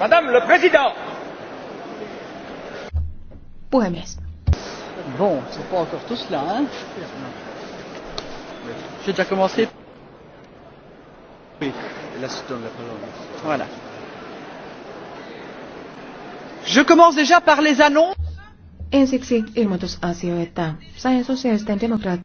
Madame le Président! Puhemies. Bon, c'est pas encore tout cela, hein? J'ai déjà commencé. Oui, là, je donne la parole. Voilà. Je commence déjà par les annonces. Ensiksi ilmoitusasioita. Sain sosiaalisten demokraattien